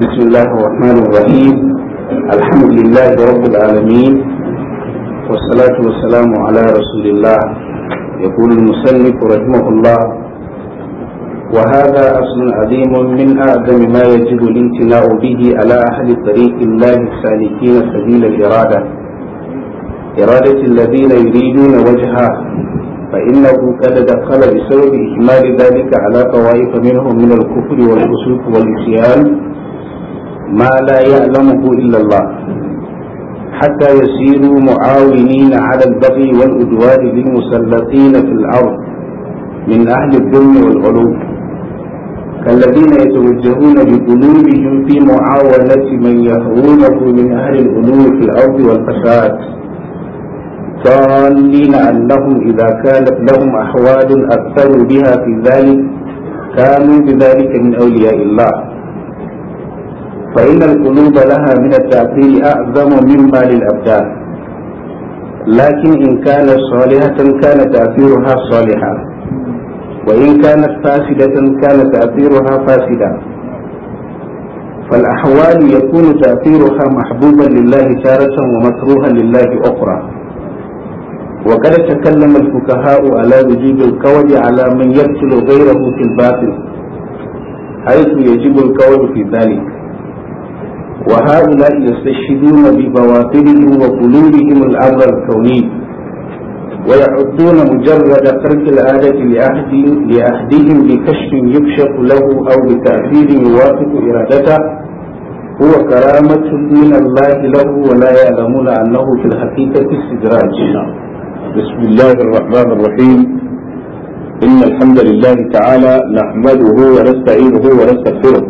بسم الله الرحمن الرحيم الحمد لله رب العالمين والصلاة والسلام على رسول الله يقول المسلم رحمه الله وهذا أصل عظيم من أعظم ما يجب الامتناء به على أهل طريق الله السالكين سبيل الإرادة إرادة الذين يريدون وجهه فإنه قد دخل بسبب إكمال ذلك على طوائف منهم من الكفر والفسوق والعصيان ما لا يعلمه إلا الله حتى يسيروا معاونين على البغي والأدوان للمسلطين في الأرض من أهل الظلم والغلو كالذين يتوجهون بقلوبهم في معاونة من يهوونه من أهل الغلو في الأرض والفساد ضالين أنهم إذا كانت لهم أحوال أكثروا بها في ذلك كانوا بذلك من أولياء الله فإن القلوب لها من التأثير أعظم مما للأبدان لكن إن كانت صالحة كان تأثيرها صالحا وإن كانت فاسدة كان تأثيرها فاسدا فالأحوال يكون تأثيرها محبوبا لله تارة ومكروها لله أخرى وقد تكلم الفقهاء على وجوب القول على من يقتل غيره في الباطل حيث يجب القول في ذلك وهؤلاء يستشهدون ببواطنهم وقلوبهم الأمر الكوني ويعدون مجرد ترك العادة لعهد لعهدهم بكشف يكشف له أو بتأثير يوافق إرادته هو كرامة من الله له ولا يعلمون أنه في الحقيقة استدراج بسم الله الرحمن الرحيم إن الحمد لله تعالى نحمده ونستعينه ونستغفره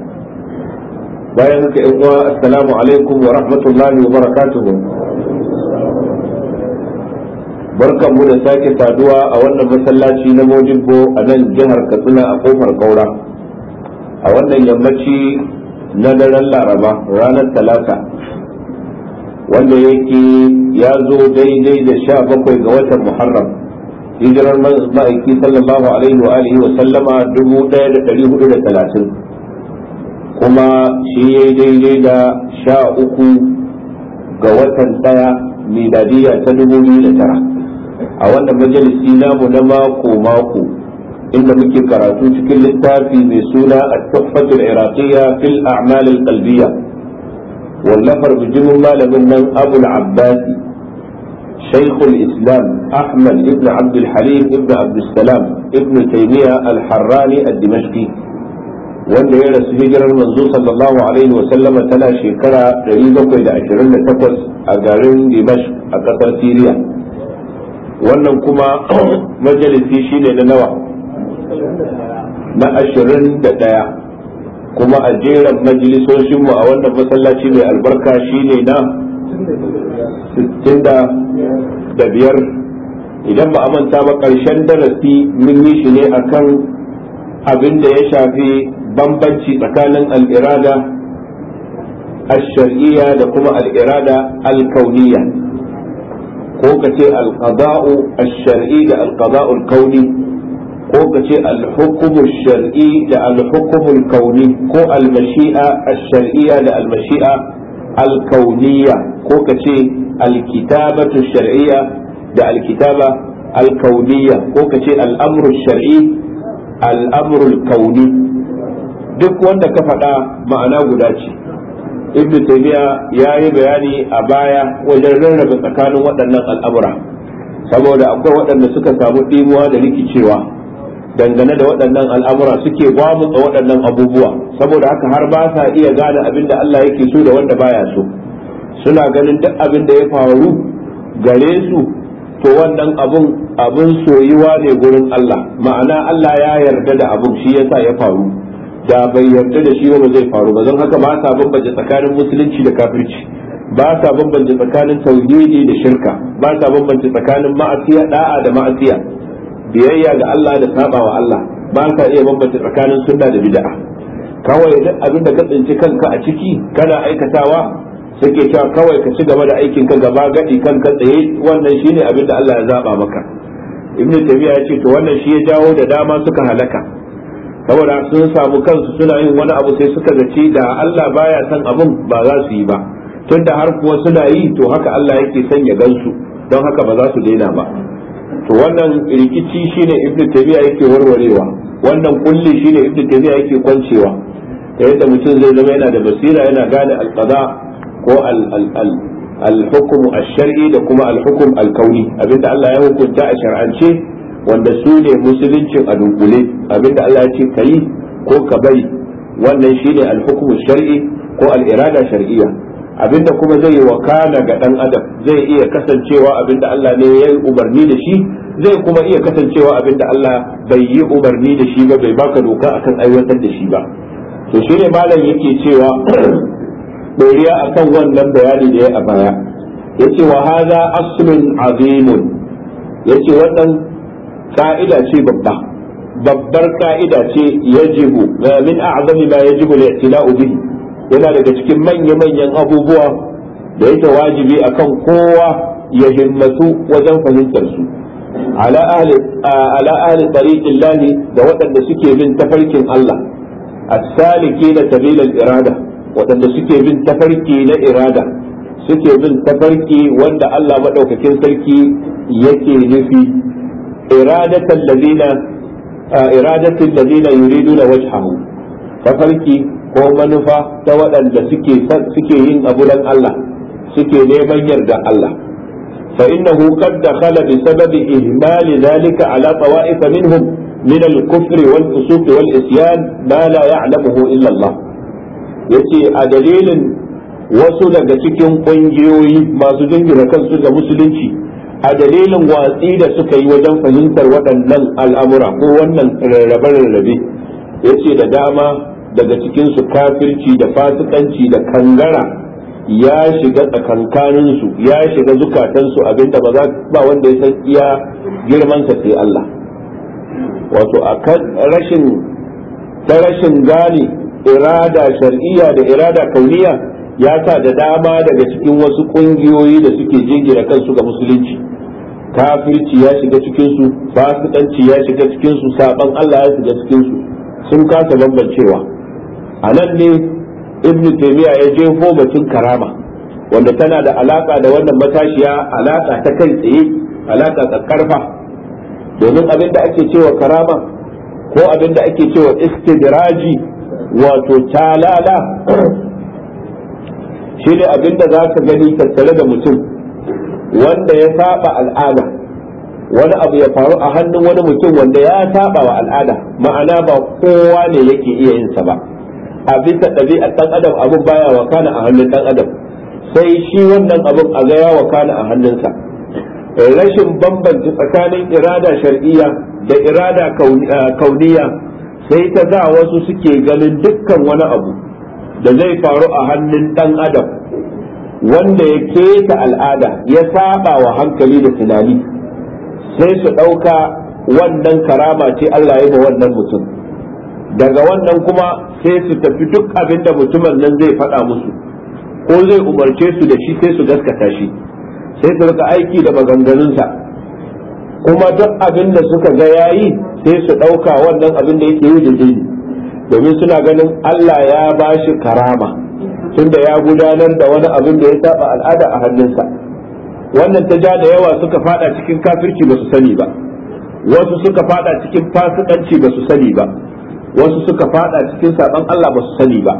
bayan haka yi uwa assalamu alaikum wa rahmatullahi wa barakatuhu barkan mu da sake saduwa a wannan masallaci na mojibbo a nan jihar katsina a kofar kaura a wannan yammaci na daren laraba ranar talata wanda yake ya zo daidai da sha bakwai ga watan muharram hijirar ma'aiki sallallahu alaihi wa alihi wa sallama dubu ɗaya da ɗari hudu da talatin kuma shi ya daidai da sha uku ga watan ɗaya miladiya ta dubu biyu da tara a wannan majalisi namu na mako mako inda muke karatu cikin littafi mai suna at-tuhfatul iraqiyya fil a'mal al-qalbiyya wallafar bijimin malamin nan abul abbasi شيخ الإسلام أحمد بن عبد الحليم بن عبد السلام ابن تيمية الحراني الدمشقي wanda ya rasu hijirar manzo sallallahu alaihi wa sallama tana shekara 728 a garin Dimash a kasar Syria wannan kuma majalisi shine na nawa na 21 kuma a jeran majalisoshin mu a wannan masallaci mai albarka shine na 65 idan ba a ba ƙarshen darasi mun yi shi ne akan abin da ya shafi bambanci tsakanin al'irada al-shar'iyya da kuma al'irada al kauniya ko ka ce al-qada'u shari da al-qada'u al-kauni ko ka ce al-hukumu shari da al-hukumu al-kauni ko al-mashi'a shariyya da al-mashi'a al kauniya ko ka ce al-kitabatu shar'iyya da al-kitaba al kauniya ko ka ce al-amru shar'i al-amru al-kauni duk wanda ka faɗa ma'ana guda ce ibn taymiya ya yi bayani a baya wajen rarraba tsakanin waɗannan al'amura saboda akwai waɗanda suka samu ɗimuwa da rikicewa dangane da waɗannan al'amura suke gwamutsa waɗannan abubuwa saboda haka har ba sa iya gane abin da Allah yake so da wanda baya so suna ganin duk abin da ya faru gare su to wannan abun abun soyuwa ne gurin Allah ma'ana Allah ya yarda da abun shi yasa ya faru da bai yarda da shi ba zai faru ba don haka ba sa bambance tsakanin musulunci da kafirci ba sa bambance tsakanin tauhidi da shirka ba sa bambance tsakanin ma'asiya da'a da ma'asiya biyayya ga Allah da saba wa Allah ba sa iya bambance tsakanin sunna da bid'a kawai duk abin da ka tsinci kanka a ciki kana aikatawa suke cewa kawai ka ci gaba da aikin ka gaba gadi kanka tsaye wannan shine abin da Allah ya zaba maka ibnu tabiya ya ce to wannan shi ya jawo da dama suka halaka saboda sun samu kansu suna yin wani abu sai suka zaci da Allah baya san abin ba za su yi ba tunda har kuwa suna yi to haka Allah yake son ya gansu don haka ba za su daina ba to wannan rikici shine ibnu tabiya yake warwarewa wannan kulli shine ibnu tabiya yake kwancewa ta yadda mutum zai zama yana da basira yana gane alqada ko al-hukm al-shar'i da kuma al-hukm al-kauni abinda Allah ya hukunta a shar'ance wanda su ne musuluncin a dunkule abinda Allah ya ce ka yi ko ka bari wannan shi ne alhukumu shar'i ko al-irada abinda kuma zai yi wakana ga dan adam zai iya kasancewa abinda Allah ne ya yi umarni da shi zai kuma iya kasancewa abinda Allah bai yi umarni da shi ba bai baka doka akan aiwatar da shi ba to ne malam yake cewa doriya akan wannan bayani da ya a baya yace wa hadha aslun azimun yace wannan ka'ida ce babba babbar ka'ida ce yajibu eh, min a'zami ma yajibu a itilau bihi yana daga cikin manya-manyan abubuwa da yake wajibi akan kowa ya himmatu wajen fahimtar su ala ahli ala ahli da waɗanda suke bin tafarkin Allah as-saliki da sabilal irada waɗanda suke bin tafarki na irada suke bin tafarki wanda Allah madaukakin sarki yake nufi iradatan ladina iradatin ladina yuriduna wajhahu tafarki ko manufa ta waɗanda suke yin abu dan Allah suke neman yarda Allah fa innahu qad dakhala bi sababi ihimali, dhalika ala tawa'if minhum min al-kufr wal fusuq wal isyan ma la ya'lamuhu illa Allah yace a dalilin wasu daga cikin ƙungiyoyi masu jingina kansu ga musulunci a dalilin watsi da suka yi wajen fahimtar waɗannan al'amura ko wannan rarrabe-rarrabe ya ce da dama daga cikinsu kafirci da fasikanci da kangara ya shiga tsakankaninsu ya shiga zukatansu abinda ba za ba wanda ya san iya girmansa sai Allah wato a rashin ta rashin gane irada shar'iyya da irada kauniya ya sa da dama daga cikin wasu ƙungiyoyi da suke jingira kansu ga musulunci kafirci ya shiga cikin su fasikanci ya shiga cikin su saban Allah ya shiga cikin su sun kasa bambancewa a nan ne ibn taymiya ya jefo batun karama wanda tana da alaka da wannan matashiya alaka ta kai tsaye alaka karfa domin abin ake cewa karama ko abin da ake cewa istidraji wato talala shi ne abin da za ka gani tattare da mutum wanda ya saba al'ada wani abu ya faru a hannun wani mutum wanda ya saba wa al'ada ma'ana ba kowa ne yake iya yin sa ba a bisa ɗabi'ar ɗan adam abin baya wakana a hannun ɗan adam sai shi wannan abin a ga ya wakana a hannunsa rashin bambanci tsakanin irada shar'iyya da irada eh, kauniya sai ta za wasu suke ganin dukkan wani abu da zai faru a hannun ɗan adam wanda ya keta al'ada ya saba wa hankali da tunani sai su ɗauka wannan karama ce Allah ya ba wannan mutum daga wannan kuma sai su tafi duk abin da mutumin nan zai faɗa musu ko zai umarce su da shi sai su gaskata shi sai su rika aiki da maganganunsa kuma duk abin da suka ga yayi sai su ɗauka wannan abin da yake yi da domin suna ganin Allah ya ba shi karama tunda ya gudanar da wani abin da ya saba al'ada a hannunsa wannan ta ja da yawa suka fada cikin kafirci ba su sani ba wasu suka fada cikin fasikanci ba su sani ba wasu suka fada cikin saban Allah ba su sani ba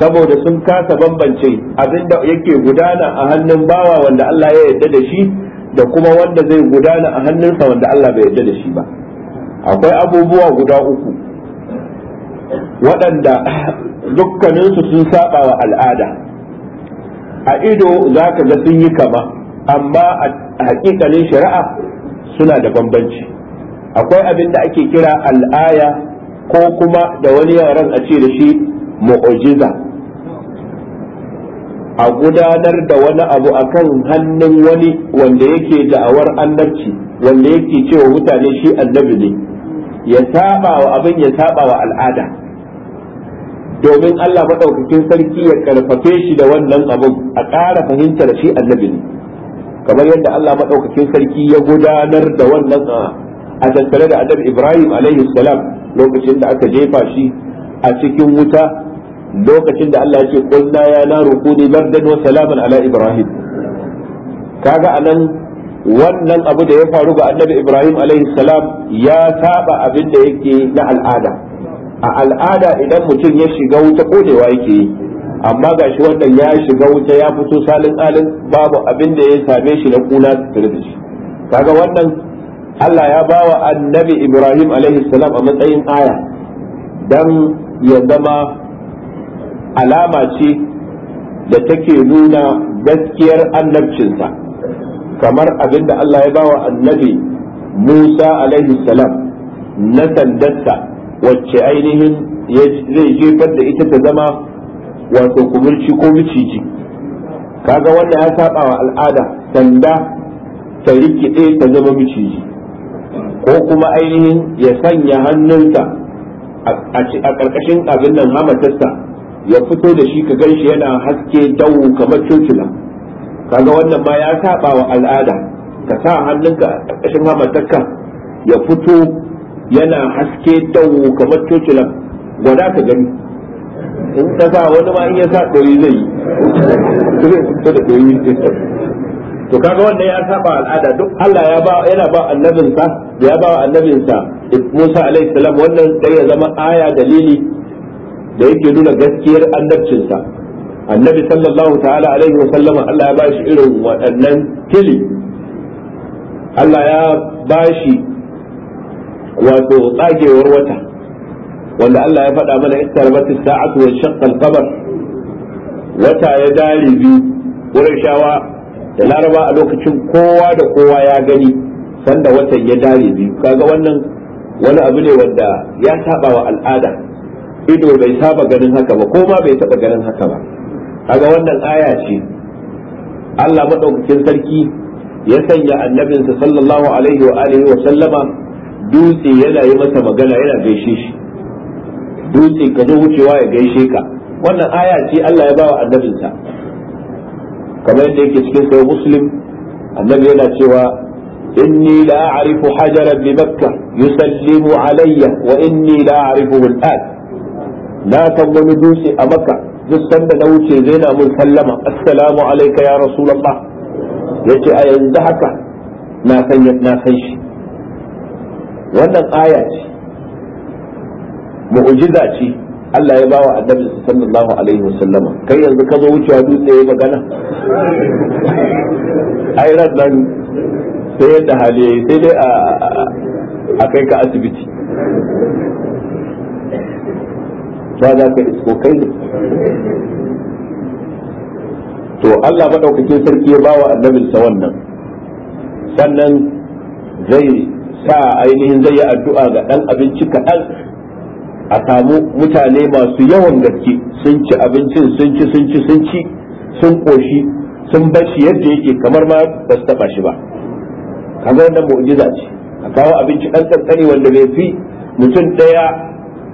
saboda sun kasa bambance abin da yake gudana a hannun bawa wanda Allah ya yarda da shi da kuma wanda zai gudana a hannunsa wanda Allah bai yarda da shi ba akwai abubuwa guda uku waɗanda dukkaninsu sun saba wa al'ada a ido za ka ga sun yi kama amma a hakikalin shari'a suna da bambanci akwai abin da ake kira al'aya ko kuma da wani yaren a ce da shi mu'ujiza a gudanar da wani abu akan hannun wani wanda yake da'awar annabci wanda yake cewa mutane shi annabi ne ya saba wa abin ya saba wa al'ada domin Allah maɗaukakin sarki ya karfafe shi da wannan abun a ƙara fahimtar shi annabi ne kamar yadda Allah maɗaukakin sarki ya gudanar da wannan a tattare da annabi Ibrahim alaihi salam lokacin da aka jefa shi a cikin wuta lokacin da Allah ya ce qulna ya naru kuni bardan wa salaman ala Ibrahim kaga anan wannan abu da ya faru ga annabi ibrahim salam ya saba abin da yake na al'ada a al'ada idan mutum ya shiga wuta kodewa yake yi amma ga shi wannan ya shiga wuta ya fito salin alin babu abin da ya same shi na kuna tare da shi kaga wannan Allah ya bawa annabi Ibrahim alaihi salam a matsayin aya dan ya zama alama ce da take nuna gaskiyar annabcinsa kamar abin da Allah ya bawa annabi Musa alaihi salam na sandarsa wacce ainihin zai jefar da ita ta zama wato kumurci ko miciji kaga wannan ya saba wa al'ada sanda ta rikide ta zama miciji ko kuma ainihin ya sanya hannunsa a ƙarƙashin abin nan hamatarsa ya fito da shi ka ganshi yana haske dawo kamar cocila kaga wannan ma ya saba wa al'ada ka sa hannunka a ƙarƙashin hamatarka ya fito yana haske tau kamar tocilan gwada ka gani in ka sa wani ma in ya sa ɗoyi zai yi to kaga wanda ya saba al'ada duk Allah ya ba yana ba annabinsa da ya ba wa annabinsa Musa alaihi salam wannan dai ya zama aya dalili da yake nuna gaskiyar annabcinsa annabi sallallahu ta'ala alaihi wa sallama Allah ya ba shi irin waɗannan fili. Allah ya ba shi wato tsagewar wata wanda Allah ya faɗa mana istarbat sa'atu wa shaqqal qamar wata ya dare bi wurin shawa da laraba a lokacin kowa da kowa ya gani sanda watan ya dare bi kaga wannan wani abu ne wanda ya saba wa al'ada ido bai saba ganin haka ba ko ma bai taba ganin haka ba kaga wannan aya ce Allah madaukakin sarki ya sanya annabinsa sallallahu alaihi wa alihi wa sallama dutse yana yi masa magana yana gaishe shi dutse ka zo wucewa ya gaishe ka wannan aya ce Allah ya ba wa annabinsa kamar yadda yake cikin sai muslim annabi yana cewa inni la a'rifu hajaran bi makkah yusallimu alayya wa inni la a'rifu al na san wani dutse a makka duk sanda na wuce zai na mun sallama assalamu alayka ya rasulullah yace a yanzu haka na san na san shi wannan aya ce mu'jiza ce Allah ya bawa annabi sallallahu alaihi wasallama kai yanzu ka zo wucewa dutse ya magana ai ran nan sai yadda hali sai dai a kai ka asibiti ba za ka isko kai ne to Allah maɗaukakin sarki ya bawa annabinsa wannan sannan zai sa ainihin zai yi addu'a ga dan abinci kaɗan a samu mutane masu yawan gaske sun ci abincin sun ci sun ci sun ci sun koshi sun bar shi yadda yake kamar ma ba su taba shi ba kaga wannan mu'jiza ce a kawo abinci dan tsantsani wanda bai fi mutum daya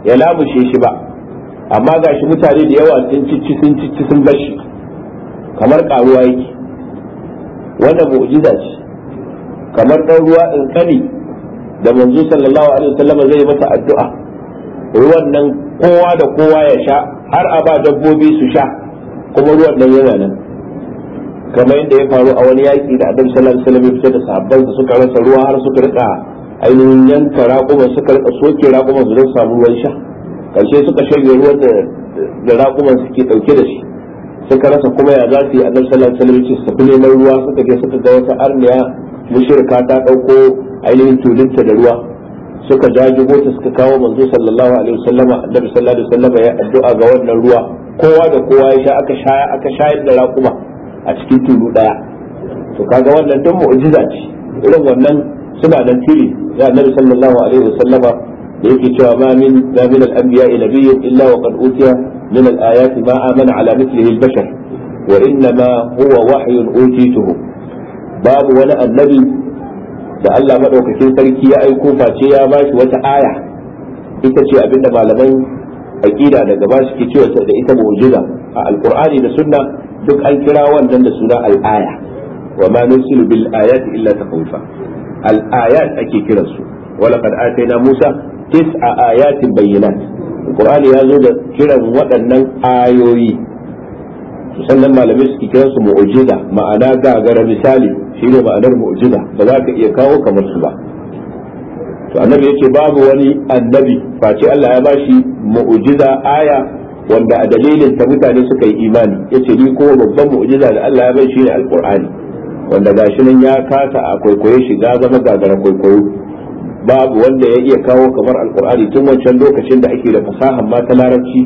ya lamushe shi ba amma gashi mutane da yawa sun ci ci sun ci sun bar shi kamar karuwa yake wannan mu'jiza ce kamar ɗan ruwa in kani da manzo sallallahu alaihi wasallam zai masa addu'a ruwan nan kowa da kowa ya sha har a ba dabbobi su sha kuma ruwan nan yana nan kamar yadda ya faru a wani yaƙi da annabi sallallahu alaihi wasallam ya fitar da sahabban suka rasa ruwa har suka rika ainihin yanka raƙuma suka rika soke raƙuma su don samu ruwan sha karshe suka shanye ruwan da raƙuman suke ɗauke da shi suka rasa kuma ya za su yi annabi sallallahu alaihi wasallam ya ce su tafi neman ruwa suka je suka ga wata arniya mushirka ta ɗauko ainihin tulunta da ruwa suka jajibo ta suka kawo manzo sallallahu alaihi wasallama annabi sallallahu alaihi wasallama ya addu'a ga wannan ruwa kowa da kowa ya sha aka sha aka shayar da raƙuma a cikin tulu daya to kaga wannan dan mu'jiza ce irin wannan suna nan tiri ya annabi sallallahu alaihi wasallama da yake cewa ma min ma min al-anbiya nabiyyun illa wa qad utiya min al-ayati ma amana ala mithlihi al-bashar wa inma huwa wahyun utituhu babu wani annabi da Allah madaukakin sarki ya aiko face ya bashi wata aya ita ce abinda malaman aqida da gaba suke cewa da ita mu'jiza a alqur'ani da sunna duk an kira wannan da suna al'aya. wa ma nusilu bil ayati illa taqwifa al-ayat ake kiransu wa laqad atayna Musa tis'a ayatin bayyinat Qur'ani ya zo da kiran waɗannan ayoyi sannan malamai suke kiran su mu'jiza ma'ana gagara misali shi ne ma'anar mu'jiza ba za ka iya kawo kamar su ba to annabi yace babu wani annabi face Allah ya bashi mu'jiza aya wanda a dalilin ta mutane suka yi imani yace ni ko babban mu'jiza da Allah ya bai shi ne alqur'ani wanda gashi nan ya kasa a kwaikwaye shi ga zama gagara kwaikwayo babu wanda ya iya kawo kamar alqur'ani tun wancan lokacin da ake da fasahar ma ta larabci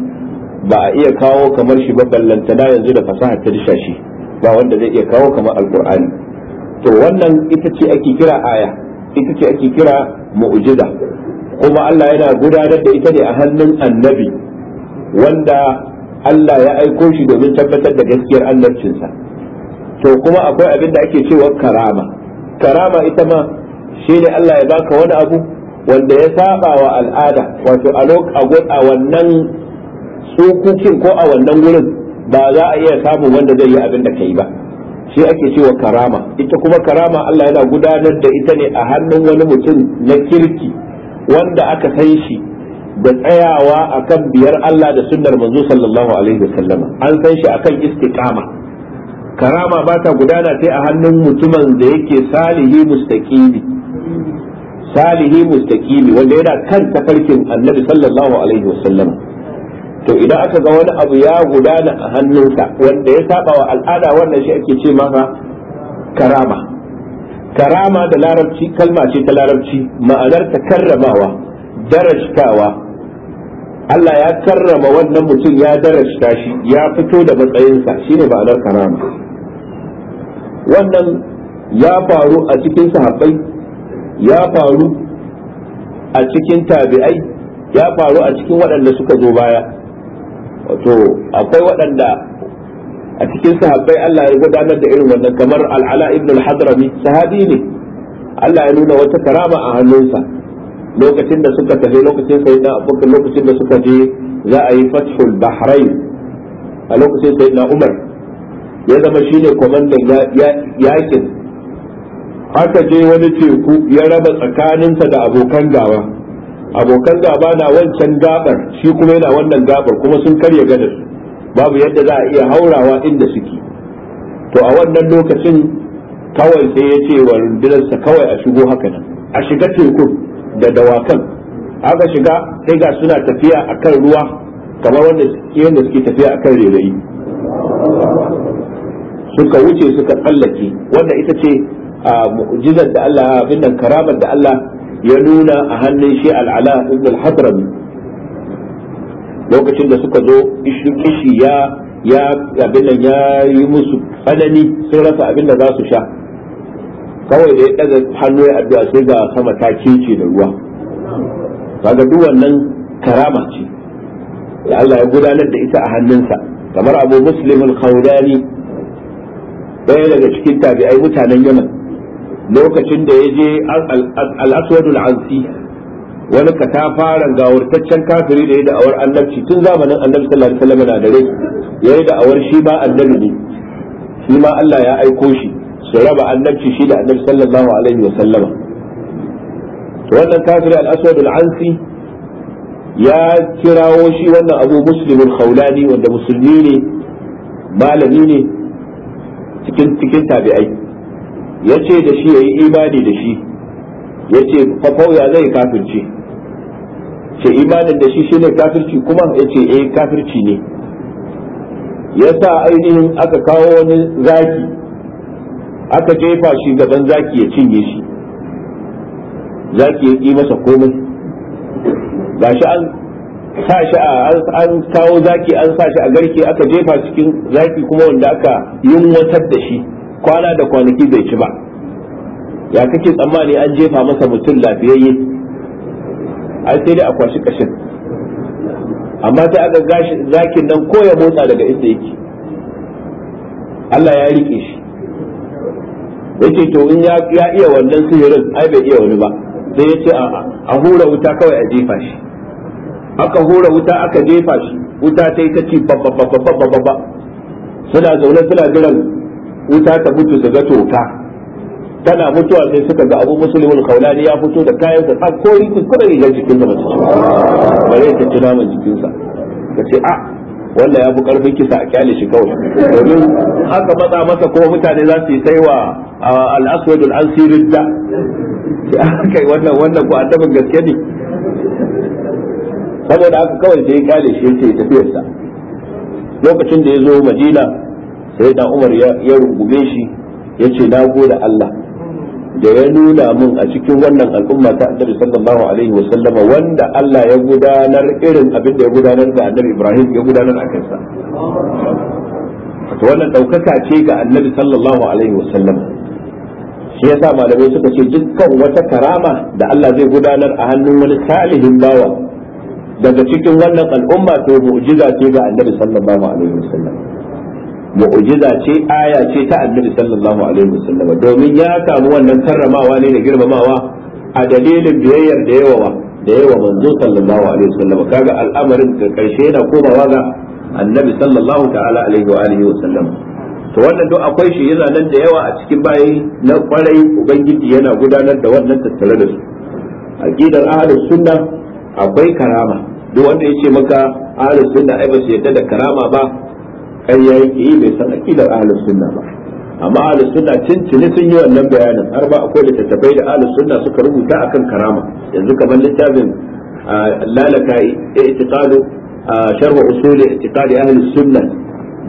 ba a iya kawo kamar shi ba ballantana yanzu da fasahar ta dishashi ba wanda zai iya kawo kamar alqur'ani to wannan ita ce ake kira aya ita ce ake kira mu'jiza kuma Allah yana gudanar da ita ne a hannun annabi wanda Allah ya aiko shi domin tabbatar da gaskiyar annabcinsa to kuma akwai abin da ake cewa karama karama ita ma shi ne Allah ya baka wani abu wanda ya saba wa al'ada wato a wannan tsokokin ko a wannan gurin ba za a iya samun wanda zai yi abin da ka yi ba shi ake cewa karama ita kuma karama Allah yana gudanar da ita ne a hannun wani mutum na kirki wanda aka san shi da tsayawa akan biyar Allah da sunnar manzo sallallahu alaihi wasallam an san shi akan istiqama karama ba ta gudana sai a hannun mutumin da yake salihi mustaqimi salihi mustaqimi wanda yana kan tafarkin annabi sallallahu alaihi wasallam to idan aka ga wani abu ya gudana a hannunka wanda ya saba wa al'ada wannan shi ake ce maka karama karama da larabci kalma ce ta larabci ma'anar ta karramawa darajtawa Allah ya karrama wannan mutum ya darajta shi ya fito da matsayinsa shine ma'anar karama wannan ya faru a cikin sahabbai ya faru a cikin tabi'ai ya faru a cikin waɗanda suka zo baya wato akwai waɗanda a cikin sahabbai Allah ya gudanar da irin wannan kamar al'ala ibn al-hadrami sahabi ne Allah ya nuna wata karama a hannunsa lokacin da suka tafi lokacin sayyidina abubakar lokacin da suka je za a yi fathul bahrain a lokacin sayyidina umar ya zama shine kwamandan yakin aka je wani teku ya raba tsakaninsa da abokan gawa abokan gaba na wancan gabar shi kuma yana wannan gabar kuma sun karya gadar babu yadda za a iya haurawa inda suke to a wannan lokacin kawai sai ya ce wa rundunarsa kawai a shigo haka nan a shiga teku da dawakan aka shiga sai ga suna tafiya a kan ruwa kamar wanda yadda suke tafiya a kan rerayi suka wuce suka tsallake wanda ita ce a ah, mu'jizar da Allah abin nan karamar da Allah ya nuna a hannun shi al'ala ibn al lokacin da suka zo kishi ya ya abin ya yi musu tsanani sun rasa abin da za su sha kawai da ya daga hannu ya addu'a sai ga sama ta kece da ruwa kaga duk wannan karama ce ya Allah ya gudanar da ita a hannunsa kamar Abu musulmin al daya daga cikin tabi'ai mutanen Yaman lokacin da ya je al-aswadul ansi wani katafaren gawurtaccen kafiri da ya awar annabci tun zamanin annabi sallallahu alaihi wasallam na da rai ya yi da'awar shi ma annabi ne shi ma Allah ya aiko shi su raba annabci shi da annabi sallallahu alaihi wasallam wannan kafiri al-aswad ansi ya kirawo shi wannan abu muslim al-khawlani wanda musulmi ne malami ne cikin cikin tabi'ai ya ce da shi ya yi imani da shi ya ce ya zai kafirci ce imanin da shi shi ne kafirci kuma ya ce eh kafirci ne ya sa ainihin aka kawo wani zaki aka jefa shi gaban zaki ya cinye shi zaki ya ƙi masa komai ga shi an sa shi a an kawo zaki an sa shi a garke aka jefa cikin zaki kuma wanda aka yunwatar da shi kwana da kwanaki bai ci ba ya kake tsammani an jefa masa mutum lafiyayye ai sai dai a kwashi kashin amma sai aka gashi zakin nan ko ya motsa daga inda yake Allah ya rike shi yace to in ya iya wannan sihirin ai bai iya wani ba sai yace a a hura wuta kawai a jefa shi aka hura wuta aka jefa shi wuta ta yi ta ci babba babba babba suna zaune suna jiran wuta ta mutu su ga toka tana mutuwa sai suka ga abu musulmin kaulani ya fito da kayan sa ta kori kuskuren rigar jikinsa mace bare ta ci naman jikinsa ka ce a ah, wanda ya fi karfin kisa a kyale shi kawai domin aka matsa masa ko mutane za su yi saiwa al al ansirid da yi wannan wannan ko annabin gaske ne saboda haka kawai sai ya kyale shi yake tafiyarsa lokacin da ya zo madina sai da umar ya rungume shi ya ce na gode Allah da ya nuna min a cikin wannan al'umma ta annabi sallallahu alaihi wa sallama wanda Allah ya gudanar irin abin da ya gudanar da annabi Ibrahim ya gudanar a kansa to wannan daukaka ce ga annabi sallallahu alaihi wa sallama shi yasa malamai suka ce dukkan wata karama da Allah zai gudanar a hannun wani salihin bawa daga cikin wannan al'umma to mu'jiza ce ga annabi sallallahu alaihi wa sallama mu'jiza ce aya ce ta annabi sallallahu alaihi wasallam domin ya samu wannan karramawa ne da girmamawa a dalilin biyayyar da yawa da yawa manzo sallallahu alaihi wasallam kaga al'amarin da karshe yana komawa ga annabi sallallahu ta'ala alaihi wa alihi wasallam to wannan duk akwai shi yana nan da yawa a cikin bayi na kwarai ubangiji yana gudanar da wannan tattare da su aqidar ahlus sunna akwai karama duk wanda yace maka ahlus sunna ai ba su yadda da karama ba ƙarya yake yi bai san aqidar ahlus sunna ba amma ahlus sunna tintini sun yi wannan bayanin har ba akwai littattafai da ahlus sunna suka rubuta akan karama yanzu kamar littafin lalaka i'tiqadu sharh usul i'tiqadi ahlus sunna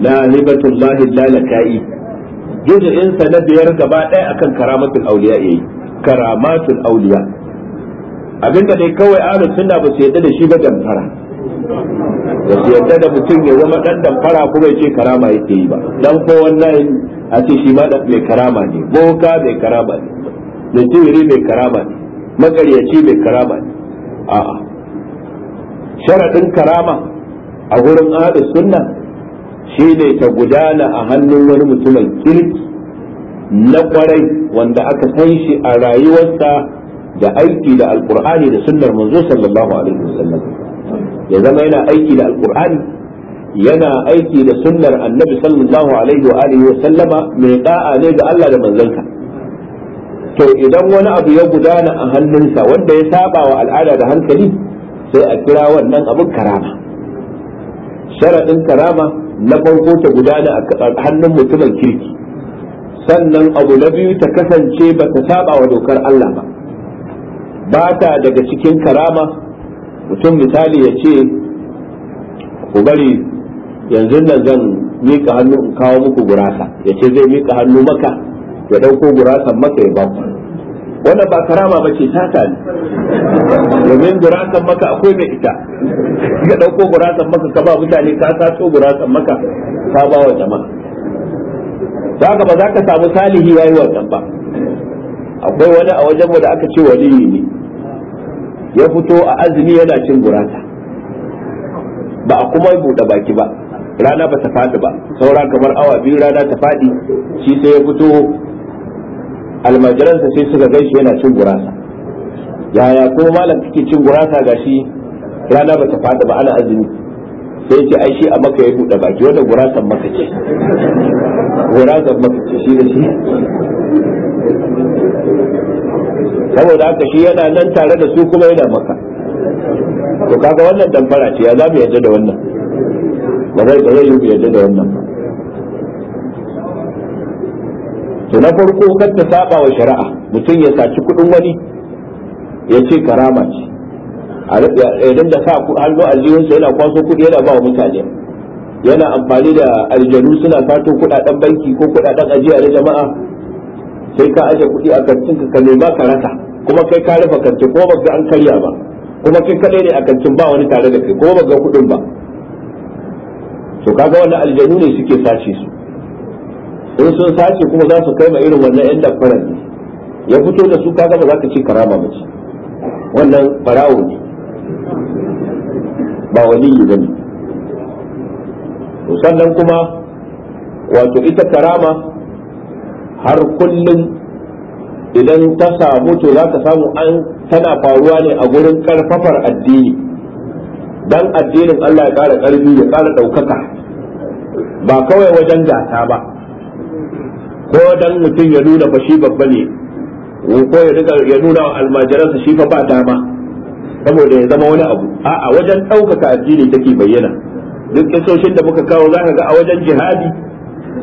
la hibatullah lalaka'i juz'in sa na biyar gaba ɗaya akan karamatul awliya yayi karamatul awliya abinda dai kawai ahlus sunna ba su yadda da shi ba jamfara wasu yadda da mutum ya zama dan damfara kuma ya ce karama yake yi ba dan ko wannan a ce shi ma mai karama ne boka mai karama ne mutumiri mai karama ne makaryaci mai karama ne a'a sharadin karama a gurin ahlus sunna ne ta gudana a hannun wani mutumin kirki na kwarai wanda aka san shi a rayuwarsa da aiki da alkur'ani da sunnar manzo sallallahu alaihi wasallam ya zama yana aiki da alkur'ani yana aiki da sunnar annabi sallallahu alaihi wa alihi wa sallama mai da'a ne ga Allah da manzanka. to idan wani abu ya gudana a hannunsa wanda ya saba wa al'ada da hankali sai a kira wannan abin karama sharaɗin karama na farko ta gudana a hannun mutumin kirki sannan abu na biyu ta kasance ba ta saba wa dokar Allah ba ba ta daga cikin karama mutum misali ya ce ku bari yanzu nan zan mika hannu in kawo muku gurasa ya ce zai mika hannu maka ya ɗauko gurasan maka ya baku wannan ba karama ba ce sata ne domin gurasan maka akwai mai ita ya ɗauko gurasan maka ka ba mutane ka sato gurasan maka ka ba wa jama'a za ka ba za ka samu salihi yayi wannan ba akwai wani a wajenmu da aka ce waliyi ne ya fito a azumi yana cin gurasa ba a kuma yi buɗe baki ba rana ba ta faɗi ba saura kamar awa biyu rana ta faɗi shi sai ya fito almajiransa sai suka gaishe yana cin gurasa yaya ko malam kike cin gurasa shi? rana ba ta faɗi ba ana azumi sai ce ai shi a maka ya buɗe baki wanda gurasan maka ce gurasan maka ce shi da shi saboda haka shi yana nan tare da su kuma yana maka to kaga wannan damfara ce ya za mu yarda da wannan ba zai ba zai yi mu yarda da wannan ba to na farko kar ta saba wa shari'a mutum ya saci kudin wani ya ce karama ce Idan da sa hannu a aljihunsa yana kwaso kudi yana ba wa mutane yana amfani da aljanu suna fato kudaden banki ko kudaden ajiya da jama'a sai ka aje kuɗi a kantin ka ka nema ka rasa kuma kai ka rufe kancin ko baka an karya ba kuma kai kadai ne a kantin ba wani tare da kai ko baka kuɗin ba to kaga wannan aljanu ne suke sace su in sun sace kuma za su kai ma irin wannan yan dafaran ne ya fito da su kaga ba za ka ci karama mace wannan farawo ne ba wani yi gani. sannan kuma wato ita karama har kullum idan ta samu to za ka samu an tana faruwa ne a gurin karfafar addini dan addinin Allah ya ƙara ƙarfi ya ƙara ɗaukaka ba kawai wajen gata ba ko dan mutum ya nuna ba shi babba ne ko ya nuna wa almajiransa shi fa ba dama saboda ya zama wani abu a'a wajen ɗaukaka addini take bayyana duk kisoshin da muka kawo za ka ga a wajen jihadi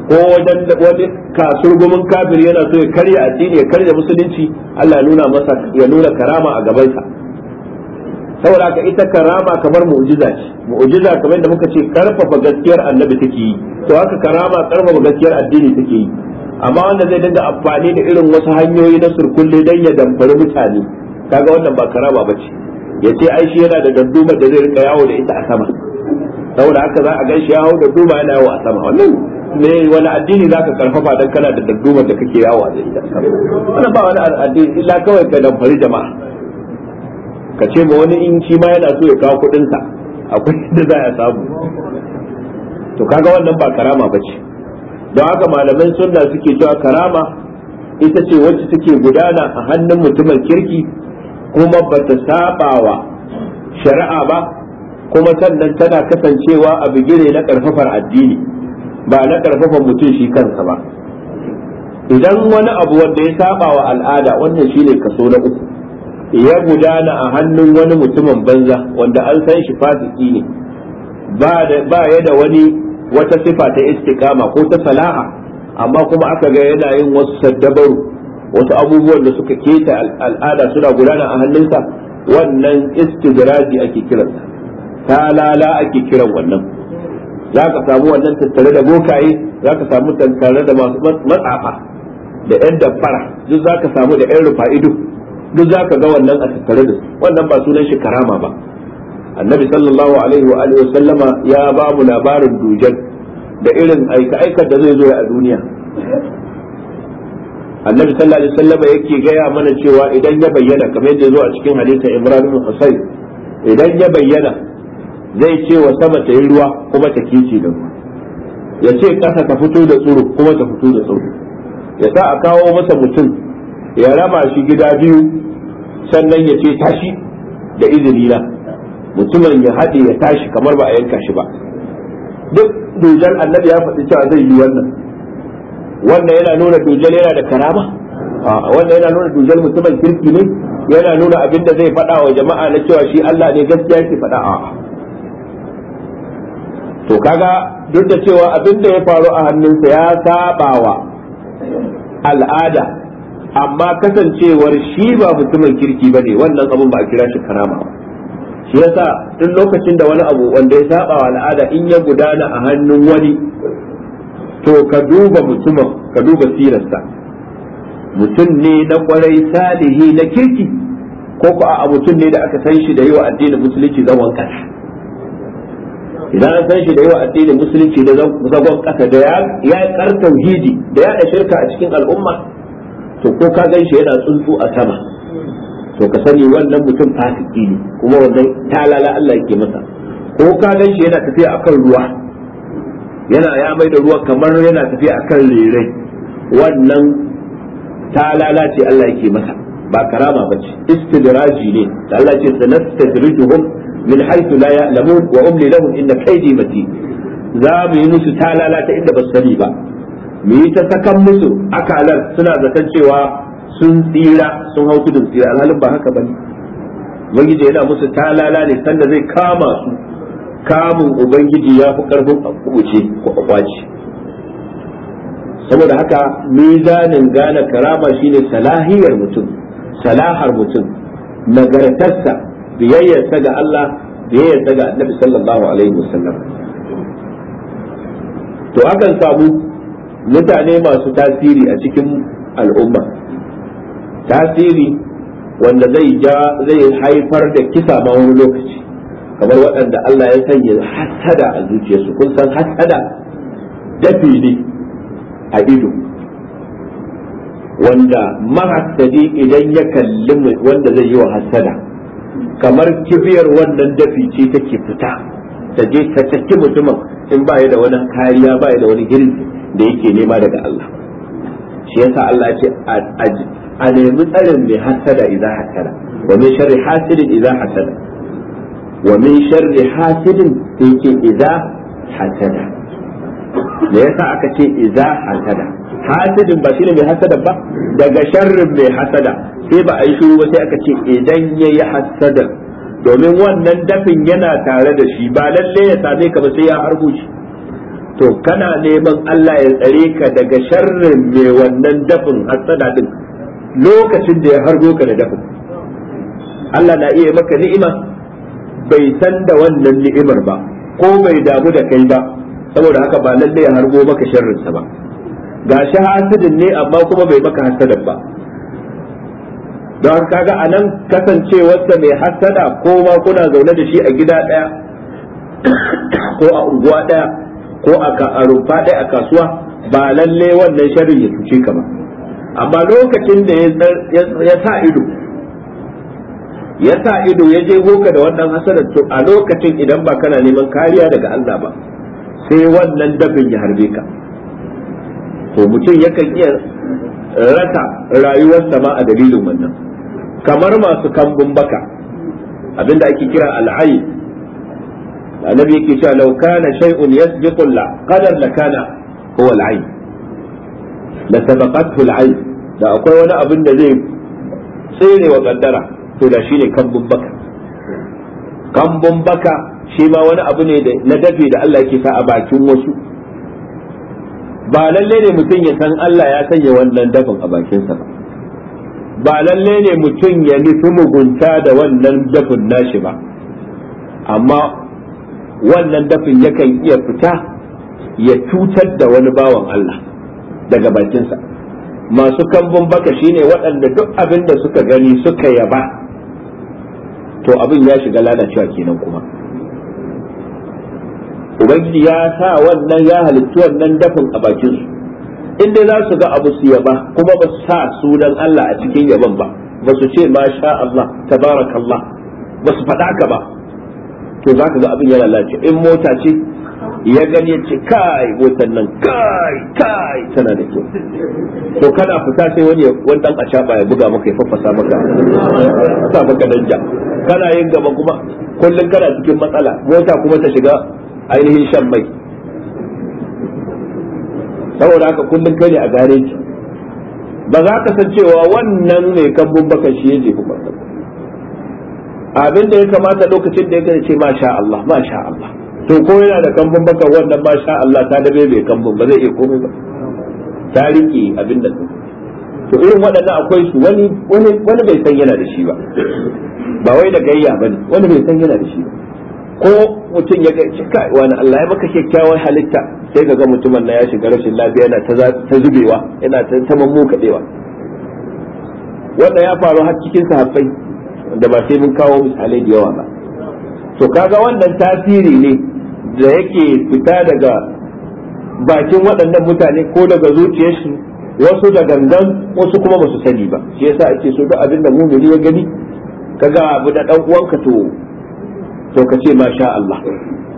ko wajen wani kasurgumin kafir yana so ya karya addini ya karya musulunci Allah ya nuna masa ya nuna karama a gabansa saboda ka ita karama kamar mu'jiza ce mu'jiza kamar da muka ce karfafa gaskiyar annabi take yi to haka karama karfafa gaskiyar addini take yi amma wanda zai dinga amfani da irin wasu hanyoyi na surkulle dan ya damfari mutane kaga wannan ba karama bace ya ce ai shi yana da dandumar da zai rika yawo da ita a sama saboda haka za a gan shi yawo da duma yana yawo a sama wannan me wani addini zaka karfafa dan kana da dabbuma da kake yawo a wannan ba wani addini illa kawai ka damfari jama'a ka ce ma wani in shi ma yana so ya kawo kuɗin sa akwai da za a samu to kaga wannan ba karama bace don haka malaman sunna suke cewa karama ita ce wacce take gudana a hannun mutumin kirki kuma ba bata sabawa shari'a ba kuma sannan tana kasancewa a bigire na karfafar addini ba na karfafa mutum shi kansa ba idan wani abu wanda ya saba wa al'ada wannan shine kaso na uku ya gudana a hannun wani mutumin banza wanda an san shi fasiki ne ba ya da wani wata sifa ta istiqama ko ta salaha amma kuma aka ga yana yin wasu saddabaru wasu abubuwan da suka keta al'ada suna gudana a hannunsa wannan istidraji ake kiransa talala ake kiran wannan za ka samu wannan tattare da bokaye za ka samu tattare da masu matsafa da yan damfara duk za ka samu da yan rufa ido duk za ka ga wannan a tattare da wannan ba sunan shi karama ba annabi sallallahu alaihi wa alihi sallama ya ba mu labarin dujan da irin aika aika da zai zo a duniya annabi sallallahu alaihi sallama yake gaya mana cewa idan ya bayyana kamar yadda ya zo a cikin hadisin Ibrahim bin Husayn idan ya bayyana zai ce wa sama ta yi ruwa kuma ta kici da ruwa ya ce ƙasa ta fito da tsuru kuma ta fito da tsuru ya sa a kawo masa mutum ya rama shi gida biyu sannan ya ce tashi da izini na mutumin ya haɗe ya tashi kamar ba a yanka shi ba duk dujal annabi ya faɗi cewa zai yi wannan wannan yana nuna dujal yana da karama wannan yana nuna dujal mutumin kirki ne yana nuna abin da zai faɗa wa jama'a na cewa shi Allah ne gaskiya ke faɗa a'a to kaga duk da cewa abin da ya faru a hannunsa ya sabawa al'ada amma kasancewar shi ba mutumin kirki ba ne, wannan abun ba a kira shi karama ba shi yasa duk lokacin da wani abu wanda ya saba wa al'ada in ya gudana a hannun wani to ka duba mutumin ka duba sirarsa mutum ne na kwarai salihi na kirki ko ko a mutum ne da aka san shi da yi wa addinin musulunci zaman kasa idan an san shi da yawa addinin musulunci da zagon kasa da ya kar tauhidi da ya da shirka a cikin al'umma to ko ka gan shi yana tsuntsu a sama to ka sani wannan mutum fasiki ne kuma wannan talala Allah yake masa ko ka gan shi yana tafiya akan ruwa yana ya mai da ruwa kamar yana tafiya akan rerai wannan talala ce Allah yake masa ba karama ba ce istidraji ne Allah ce sanastadrijuhum min haythu la ya'lamun wa umli lahum inna kaydi matin za mu yi musu talala ta inda ba sani ba mu yi ta sakan musu akalar suna zaton cewa sun tsira sun hau tudun tsira alhalin ba haka bane ubangiji yana musu talala ne sanda zai kama su kamun ubangiji ya fi karfin kubuce ko kwaci saboda haka mizanin gane karama shine salahiyar mutum salahar mutum nagartarsa biyayyarsa ga Allah biyayyarsa ga Annabi sallallahu alaihi wasallam to akan samu mutane masu tasiri a cikin al'umma tasiri wanda zai ja zai haifar da kisa ma wani lokaci kamar waɗanda Allah ya sanya hasada a zuciyarsu kun san hasada dafi ne a ido wanda mahasadi idan ya kalli wanda zai yi wa hasada kamar kibiyar wannan dafi ce take fita ta je ta caki mutumin in ba ya da wani kariya ba ya da wani girin da yake nema daga Allah shi yasa Allah ya ce a nemi tsarin mai hasada idan hasada wa min sharri hasidin idan hasada wa min sharri hasidin yake idan hasada me yasa aka ce idan hasada hasidin ba shine mai hasada ba daga sharrin mai hasada sai ba a yi shiru ba sai aka ce idan ya yi hasada domin wannan dafin yana tare da shi ba lalle ya same ka ba sai ya harbu shi to kana neman Allah ya tsare ka daga sharrin mai wannan dafin hasada din lokacin da ya harbo ka da dafin Allah na iya maka ni'ima bai san da wannan ni'imar ba ko bai damu da kai ba saboda haka ba lalle ya harbo maka sharrinsa ba ga shi hasidin ne amma kuma bai maka hasadan ba don kaga a nan kasancewarsa mai hasada ko ma kuna zaune da shi a gida ɗaya ko a unguwa ɗaya ko a rumfa ɗaya a kasuwa ba lalle wannan sharri ya cuce ka ba amma lokacin da ya sa ido ya sa ido ya je goka da wannan hasarar to a lokacin idan ba kana neman kariya daga Allah ba sai wannan dab'in ya harbe ka to mutum yakan iya rasa rayuwarsa ma a dalilin wannan kamar masu kambun baka abinda ake kira al'ayi annabi yake cewa law kana shay'un yasbiqu la qadar la kana huwa al'ayi la sabaqathu al'ayi da akwai wani abin da zai tsere wa kaddara to da shine kambun baka kambun baka shi ma wani abu ne na dafe da Allah yake sa a bakin wasu ba lalle ne mutum ya san Allah ya sanya wannan dafin a bakinsa ba ba lalle ne mutum ya nufi mugunta da wannan dafin nashi ba amma wannan dafin yakan iya fita ya cutar da wani bawan Allah daga bakinsa masu kambun baka shi ne waɗanda duk abin da suka gani suka yaba to abin ya shiga lalacewa kenan kuma ubangiji ya sa wannan ya halittu wannan dafin a bakin su in dai za su ga abu su yaba kuma ba su sa sunan Allah a cikin yaban ba ba su ce ma sha Allah tabarakallah ba su faɗa ka ba to za ka ga abin ya lalace in mota ce ya gani ya ce kai motar nan kai kai tana da kyau to kana fita sai wani wani a shaba ya buga maka ya faffasa maka sa maka danja kana yin gaba kuma kullum kana cikin matsala mota kuma ta shiga ainihin shan mai saboda haka kullum kai ne a gareji ba za ka san cewa wannan ne kambun baka shi ya jefi baka abin da ya kamata lokacin da ya gane ce masha Allah masha Allah to ko yana da kambun baka wannan masha Allah ta dabe bai kambun ba zai iya komai ba ta rike abin da to irin waɗannan akwai su wani wani wani bai san yana da shi ba ba wai da gayya bane wani bai san yana da shi ba ko mutum ya ga kai wani Allah ya maka kyakkyawar halitta sai ka ga mutumin na ya shiga rashin lafiya yana ta zubewa yana ta mammu kadewa wanda ya faru har cikin sahabbai da ba sai mun kawo misalai da yawa ba to kaga wannan tasiri ne da yake fita daga bakin waɗannan mutane ko daga zuciyarsu wasu da gangan wasu kuma ba su sani ba shi yasa ake so duk abin da mumini ya gani kaga abu da dan uwanka to to ka ce masha Allah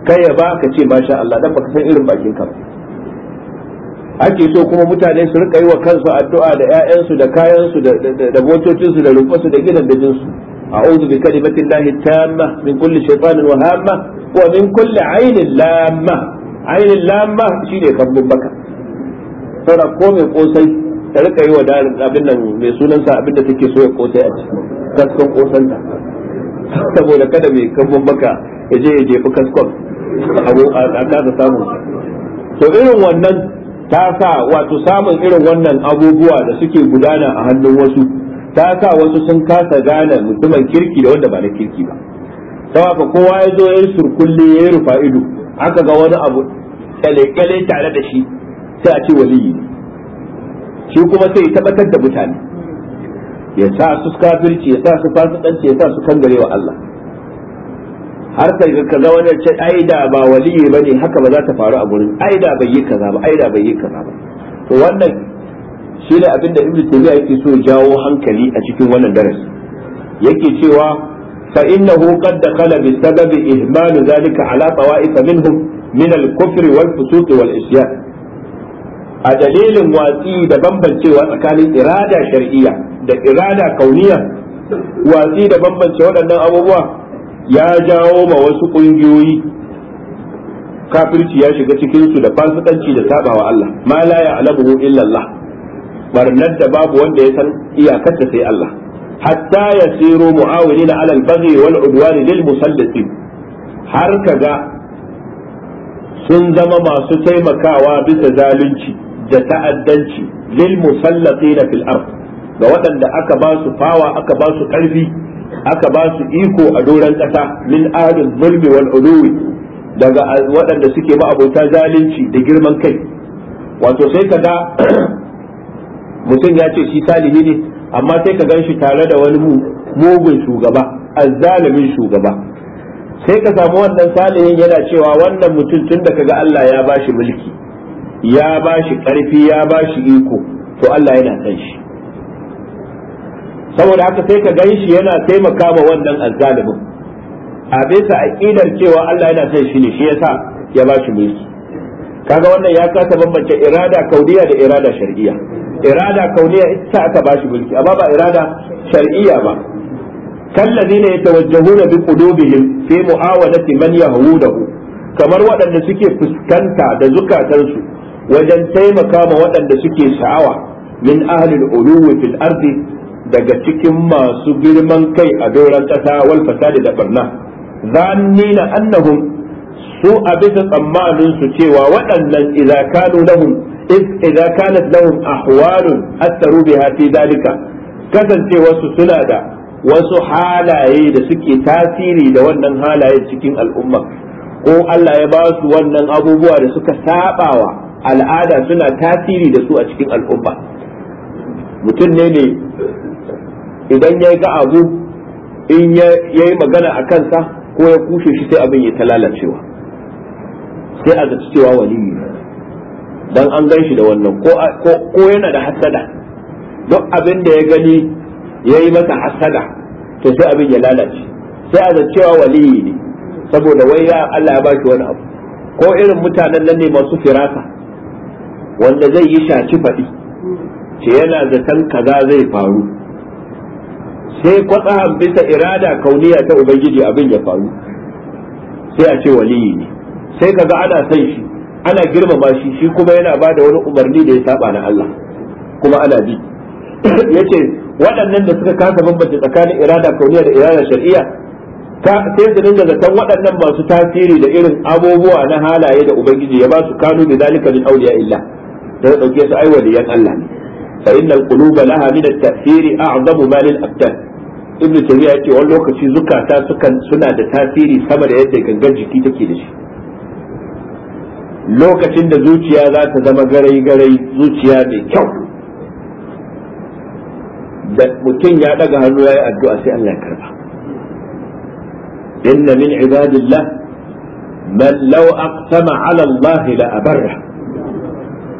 kai ya ba ka ce masha Allah dan baka san irin bakin ka ake so kuma mutane su rika yi wa kansu addu'a da ƴaƴansu da kayansu da su da rumfarsu da gidan da su a'udhu bi kalimati llahi tamma min kulli shaytanin wa hamma wa min kulli ainin lamma ainin lamma shine kambun baka Sara ko mai kosai ta rika yi wa abin nan mai sunan sa abin da take so ya kosai a ciki kosan kosanta saboda kada mai kambun baka ya je ya jefi kaskon a kasa samun to irin wannan ta sa wato samun irin wannan abubuwa da suke gudana a hannun wasu ta sa wasu sun kasa gane mutumin kirki da wanda ba na kirki ba saboda kowa ya zo ya yi surkulle ya yi rufa ido aka ga wani abu kyalekyale tare da shi sai a ce waliyi shi kuma sai tabbatar da mutane ya sa su kafirci ya sa su fasikanci ya sa su kangare wa Allah har kai ga kaza wannan ce ai da ba waliyi bane haka ba za ta faru a gurin ai da bai yi kaza ba ai da bai yi kaza ba to wannan shi ne abin da Ibn Taymiyyah yake so jawo hankali a cikin wannan darasi yake cewa fa innahu qad dakhala bi sababi ihmal zalika ala tawa'if minhum min al-kufr wal fusuq wal isyan a dalilin watsi da bambancewa tsakanin irada shar'iyya da irada kauniya watsi da bambance waɗannan abubuwa ya jawo ma wasu ƙungiyoyi kafirci ya shiga cikinsu da fasikanci da sabawa Allah ma la ya'lamuhu illa Allah barnar da babu wanda ya san iyakarta sai Allah hatta yasiru mu'awilina 'ala al-baghi wal 'udwani lil musallatin har kaga sun zama masu taimakawa bisa zalunci da ta'addanci lil musallatin fil ard ga waɗanda aka ba su fawa aka ba su ƙarfi aka ba su iko a doron ƙasa min ahlul zulmi wal uluwi daga waɗanda suke abota zalunci da girman kai wato sai ka ga mutum ya ce shi salihi ne amma sai ka gan shi tare da wani mugun shugaba azzalimin shugaba sai ka samu wannan salihin yana cewa wannan mutum tun da kaga Allah ya bashi mulki ya ba shi ƙarfi ya ba shi iko to Allah yana san shi saboda haka sai ka gan shi yana taimaka ma wannan azzalimin a bisa aqidar cewa Allah yana san shi ne shi yasa ya ba shi mulki kaga wannan ya kasa bambance irada kauniya da irada shar'iyya irada kauniya ita aka ba shi mulki amma ba irada shar'iyya ba yatawajjahuna bi qulubihim fi mu'awalati man يهوده kamar waɗanda suke fuskanta da zukatansu wajen taimaka ma waɗanda suke sha'awa min ahlil uluwi fil ardi daga cikin masu girman kai a doron ƙasa wal fasadi da barna zannina annahum su a bisa tsammanin su cewa waɗannan idza kanu lahum idza kanat lahum ahwalun attaru biha fi dalika kasancewa su suna da wasu halaye da suke tasiri da wannan halaye cikin al'umma ko Allah ya ba su wannan abubuwa da suka sabawa al'ada suna tasiri da su a cikin al'umma mutum ne ne idan ya ga abu in ya yi magana a kansa ko ya kushe shi sai abin ya ta lalacewa sai a zaci cewa ne don an gan shi da wannan ko yana da hasada duk abin da ya gani ya yi masa hasada to sai abin ya lalace sai a zaci cewa waliyi ne saboda wai ya Allah ya ba shi wani abu ko irin mutanen nan ne masu firasa wanda zai yi shaci faɗi ce yana zaton kaza zai faru sai kwatsahan bisa irada kauniya ta ubangiji abin ya faru sai a ce waliyi ne sai kaga ana son shi ana girmama shi shi kuma yana ba da wani umarni da ya saba na Allah kuma ana bi yace waɗannan da suka kasa bambance tsakanin irada kauniya da irada shari'a, sai su dinga zaton waɗannan masu tasiri da irin abubuwa na halaye da ubangiji ya ba su kanu da zalika min awliya illah da dauke su ai waliyan Allah ne fa innal quluba laha min at-ta'thiri a'zamu ma lil abdan ibnu taymiya yace wani lokaci zukata sukan suna da tasiri sama da yadda gangar jiki take da shi lokacin da zuciya za ta zama garai garai zuciya mai kyau da mutum ya daga hannu yayi addu'a sai Allah ya karba inna min ibadillah man law aqsama ala Allah la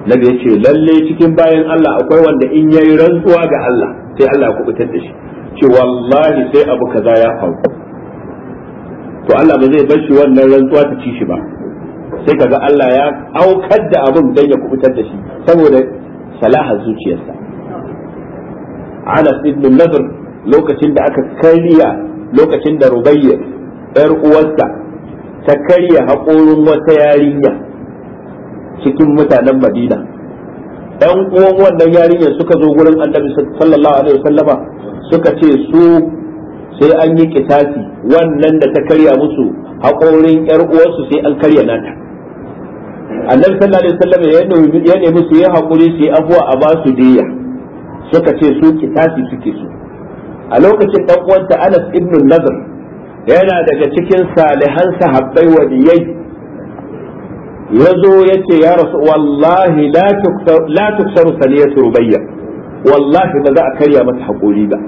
nabi ya ce lalle cikin bayan Allah akwai wanda in yayi rantsuwa ga Allah sai Allah ya kubutar da shi ce wallahi sai abu kaza ya faru to Allah ba zai bar shi wannan rantsuwa ta ci shi ba sai kaga Allah ya aukar da abun dan ya kubutar da shi saboda salaha zuciyarsa Anas ibn Nadr lokacin da aka kariya lokacin da Rubayya yar uwarsa ta karya haƙorin wata yarinya cikin mutanen madina ɗan uwan wannan yarinyar suka zo gurin annabi sallallahu alaihi wasallama suka ce su sai an yi kitasi wannan da ta karya musu haƙorin ƴar uwarsu sai an karya nata annabi sallallahu alaihi wasallama ya nemi su yi haƙuri su yi abuwa a ba su diya suka ce su kitasi suke su a lokacin dan uwanta Anas ibn Nazar yana daga cikin salihan sahabbai wadiyai ya zo ya ce ya rasu wallahi la tuksaru saniyatu rubayya wallahi ba za a karya mata haƙuri ba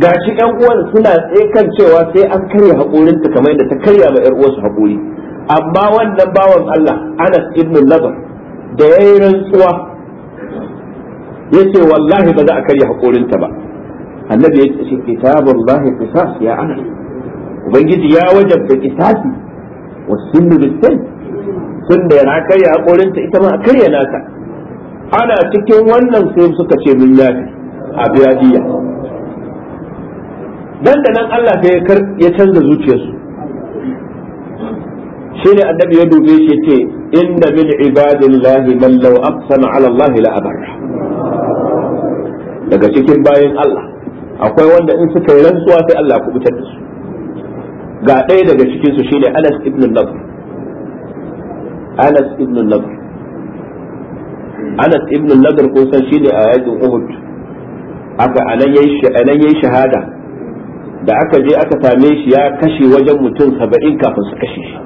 gashi ɗan uwan suna tsekan cewa sai an karya haƙorinta kamar yadda ta karya ma ƴar uwarsu haƙuri. amma wannan bawan Allah Anas ibn Nadar da yayi rantsuwa yace wallahi ba za a karya haƙorinta ba annabi ya ce kitabullahi qisas ya Anas ubangiji ya wajabta qisasi wasinnu bis tun da yana karya haƙorinta ita ma a karya nata ana cikin wannan sai suka ce mun yafi a biradiyya dan da nan Allah sai ya canza zuciyarsu shi ne annabi ya dube shi ce inda min ibadillahi man law aqsama ala Allah la abarra daga cikin bayin Allah akwai wanda in suka yi rantsuwa sai Allah ya kubutar da su ga ɗaya daga cikinsu shine Anas ibn Nadr Anas ibn Nadr Anas ibn Nadr kun san shine a yakin Uhud aka anan yayin shahada da aka je aka same shi ya kashe wajen mutum saba'in kafin su kashe shi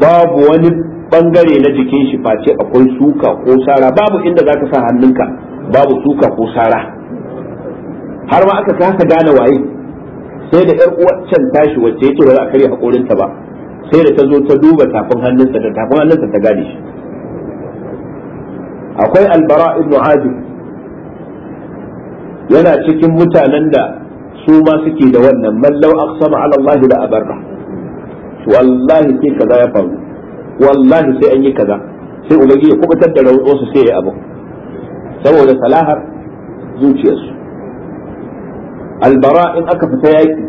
babu wani bangare na jikin shi face akwai suka ko sara babu inda zaka sa hannunka babu suka ko sara har ma aka kasa gane waye sai da yar uwar can tashi wacce yake ba za a karya hakorinta ba sai da ta zo ta duba tafin hannunsa da tafin hannunsa ta gane shi akwai albara ibn azib yana cikin mutanen da su ma suke da wannan mallau aqsama ala Allah da abarra wallahi sai kaza ya faru wallahi sai an yi kaza sai ubangiji ya kubutar da wasu sai ya abu saboda salahar zuciyarsu albara in aka fita yaki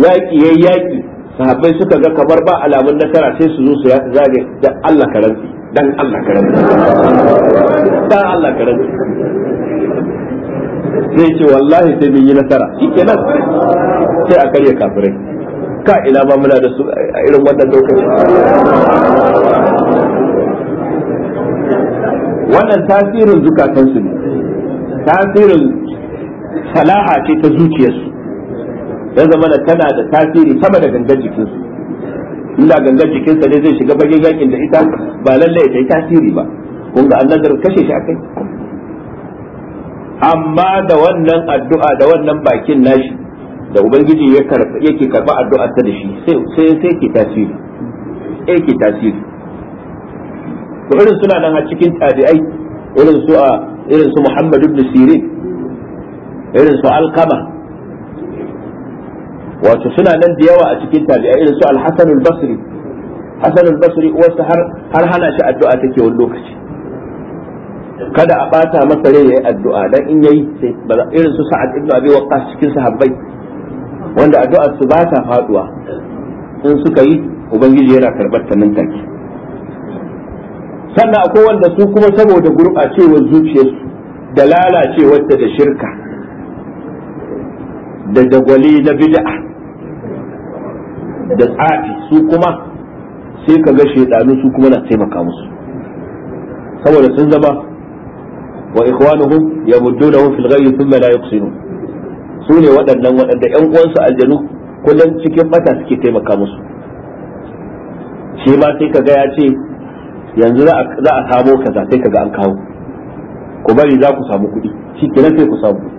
yaki yayi yaki sahabbai suka ga kamar ba alamun nasara sai su zo su ya zage da Allah karanti dan Allah karanti dan Allah karanti sai ce wallahi sai mun yi nasara shikenan sai a karya kafirai ka ila ba muna da su a irin wannan lokaci wannan tasirin zukatansu ne tasirin salaha ce ta zuciyarsu ya zama da tana da tasiri sama da gangan jikinsu inda gangan jikinsa ne zai shiga bagin yakin da ita ba lallai ta yi tasiri ba kun ga annadar kashe shi akai amma da wannan addu'a da wannan bakin nashi da ubangiji yake karba addu'a ta da shi sai sai ke tasiri sai ke tasiri to irin suna nan a cikin tabi'ai irin su a irin su Muhammad ibn Sirin irin su Alkama wato suna nan da yawa a cikin tabi'a irin su al-Hasan al-Basri Hasan al-Basri wasu har har hana shi addu'a take wani lokaci kada a bata masa rai yayi addu'a dan in yayi sai irin su Sa'ad ibn Abi Waqqas cikin sahabbai wanda addu'a su ba ta faduwa in suka yi ubangiji yana karbar ta nan take sannan akwai wanda su kuma saboda gurɓacewar zuciyarsu da lalacewar da shirka da dagwali na bid'a da tsafi su kuma sai ka ga shaidanu su kuma na taimaka musu saboda sun zama wa ikhwanuhum yamuddunahum fil ghayri thumma la yuqsirun su ne waɗannan waɗanda ƴan uwansu aljanu kullum cikin bata suke taimaka musu shi ma sai ka ga ya ce yanzu za a samo kaza sai ka ga an kawo ku bari za ku samu kuɗi shi kenan sai ku samu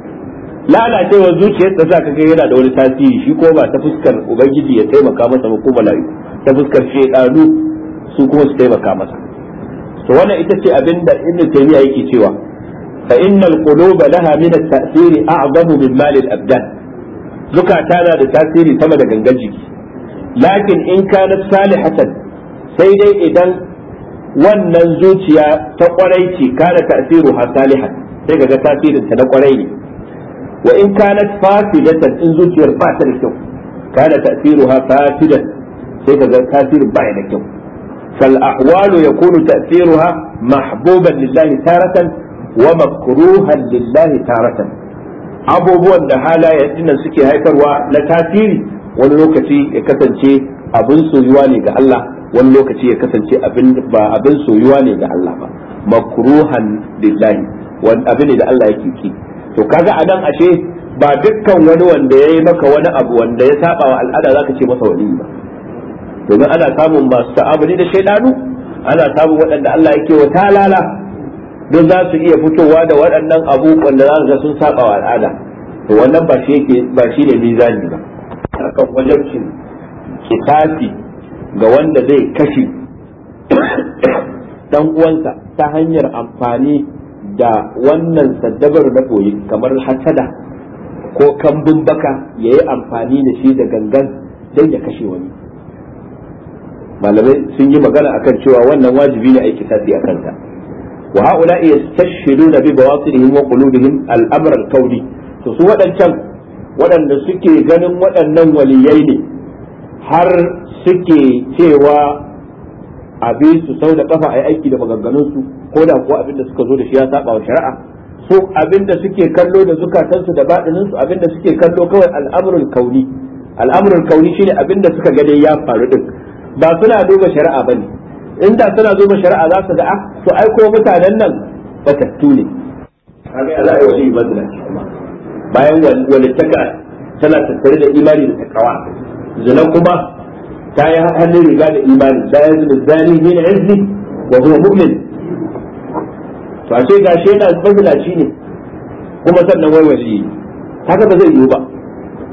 lalacewa zuciyarsa za ka ga yana da wani tasiri shi ko ba ta fuskar ubangiji ya taimaka masa ba ko ta fuskar shekaru su kuma su taimaka masa to wannan ita ce abin da ibnu taymiya yake cewa fa innal quluba laha min at-ta'thiri a'zamu min mal al-abdan zukata na da tasiri sama da gangan jiki lakin in kana salihatan sai dai idan wannan zuciya ta kwarai ce kana ta'thiru ha salihan sai ga tasirin ta na kwarai ne wa in kanat fasidatan in zuciyar ba ta da kyau kana ta'siruha fasidan sai kaga tasirin ba da kyau fal ahwalu yakunu lillahi taratan wa makruhan lillahi taratan abubuwan da halayen dinnan suke haifarwa na tasiri wani lokaci ya kasance abin soyuwa ne ga Allah wani lokaci ya kasance abin ba abin soyuwa ne ga Allah ba makruhan lillahi wani abin da Allah yake ki to kaga anan ashe ba dukkan wani wanda yayi maka wani abu wanda ya saba wa al'ada zaka ce masa wali ba domin ana samun masu ta'amuli da shaidanu ana samun waɗanda Allah yake wa talala don za su iya fitowa da waɗannan abu wanda za su ga sun saba wa al'ada to wannan ba shi yake ba shi ne mizani ba akan wajabcin ga wanda zai kashe dan uwansa ta hanyar amfani da wannan saddabar na koyi kamar hasada ko kambun baka ya yi amfani da shi da gangan don ya kashe wani malamai sun yi magana akan cewa wannan wajibi ne aiki safi a kanta wa haula yastashhiduna bi bawatinihim wa qulubihim al-amr al al'amuran to su waɗancan waɗanda suke ganin waɗannan waliyai ne har suke cewa abi su sau da kafa a yi aiki da maganganunsu ko da ko abin da suka zo da shi ya saba wa shari'a su abin da suke kallo da zukatansu da baɗinin su abin da suke kallo kawai al'amrul kauni al'amrul kauni shine abin da suka ga dai ya faru din ba suna duba shari'a bane in da suna duba shari'a za su ga ah to ai ko mutanen nan batattu ne Allah ya wali madina bayan walittaka tana tattare da imani da takawa zina kuma ta yi hannun riga da imani ta yanzu da zani min izni wa huwa mu'min ba sai ga shi yana mazilaci ne kuma sannan wai wasi haka ba zai yiwu ba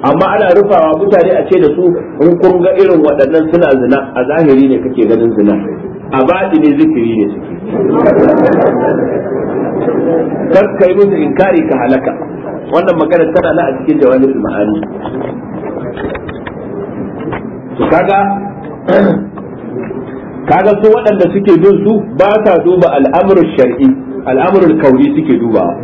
amma ana rufawa mutane a ce da su in kun ga irin waɗannan suna zina a zahiri ne kake ganin zina a baɗi ne zikiri ne suke kar ka yi musu inkari ka halaka wannan magana tana na a cikin jawabin ma'ani kaga kaga su waɗanda suke bin su ba sa duba al'amuran shar'i al'amuran kauni suke dubawa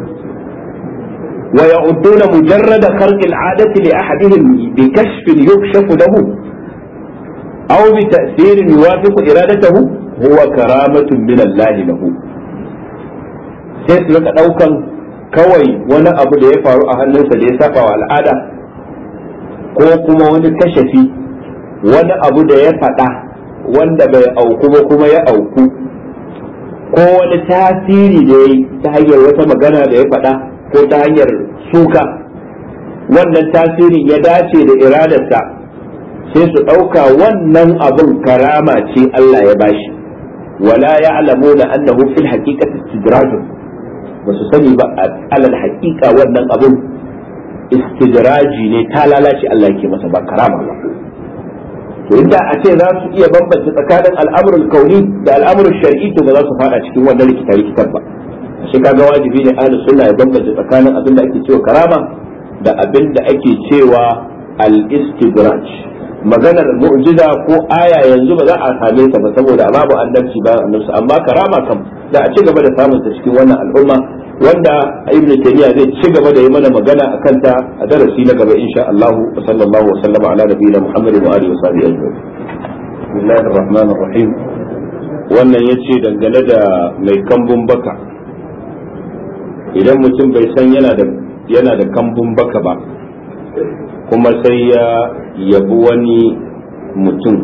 wa ya'udduna mujarrada kharqil adati a ahadihim bi kashfin yukshafu lahu aw bi ta'sirin yuwafiqu iradatahu huwa karamatun min Allah lahu sai su rika kawai wani abu da ya faru a hannunsa da ya saba wa al'ada ko kuma wani kashafi wani abu da ya faɗa wanda bai auku ba kuma ya auku ko wani tasiri da ya yi ta hanyar wata magana da ya faɗa ko ta hanyar suka wannan tasirin ya dace da iradarsa sai su ɗauka wannan abin karama ce Allah ya bashi wala alamu da annahu fil haqiqati istidrajun ba su sani ba alal haƙiƙa wannan abin istidraji ne ta lalace Allah ke masa ba karama ba to inda a ce za su iya bambanta tsakanin al'amuran kauni da al'amuran shari'i to ba za su fada cikin wannan rikita rikitar ba shi kaga wajibi ne ahlus sunna ya bambanta tsakanin abin da ake cewa karama da abin da ake cewa al-istidraj maganar mu'jiza ko aya yanzu ba za a same ta ba saboda babu annabci ba annabci amma karama kam da a ci gaba da samun ta cikin wannan al'umma wanda ibn taymiya zai ci gaba da yi mana magana a kanta a darasi na gaba insha Allah wa sallallahu wa sallama ala nabiyina Muhammad wa alihi wa sahbihi ajma'in bismillahir rahmanir rahim wannan yace dangane da mai kambun baka idan mutum bai san yana da yana da kambun baka ba kuma sai ya yabi wani mutum